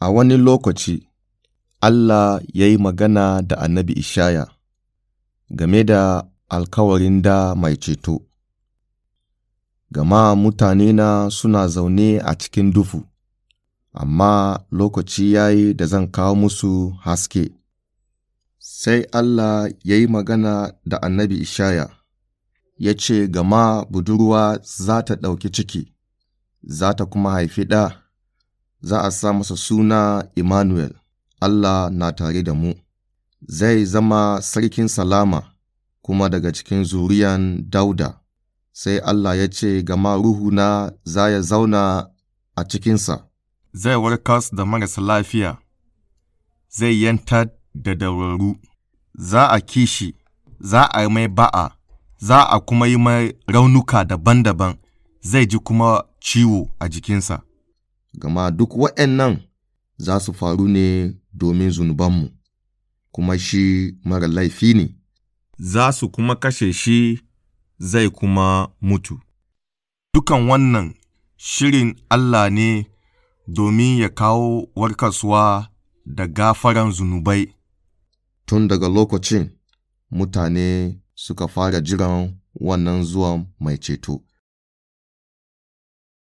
A wani lokaci, Allah ya yi magana da annabi Ishaya game da alkawarin da mai ceto, Gama mutanena suna zaune a cikin dufu, amma lokaci ya yi da zan kawo musu haske. Sai Allah ya yi magana da annabi Ishaya, ya ce, Gama budurwa za ta ɗauki ciki, za ta kuma haifi ɗa. za a sa masa suna Immanuel, Allah na tare da mu, zai zama sarkin salama kuma daga cikin zuriyan Dauda, sai Allah ya ce gama ruhuna za ya zauna a cikinsa. Zai warkas da marasa lafiya, zai yanta da dauraru, za a kishi, za a mai ba'a, za a kuma yi mai raunuka daban-daban, zai ji kuma ciwo a jikinsa. gama duk waɗannan za su faru ne domin zunubanmu, kuma shi mara laifi ne. Za su kuma kashe shi zai kuma mutu. Dukan wannan shirin Allah ne domin ya kawo warkaswa da gafaran zunubai. Tun daga lokacin mutane suka fara jiran wannan zuwan mai ceto.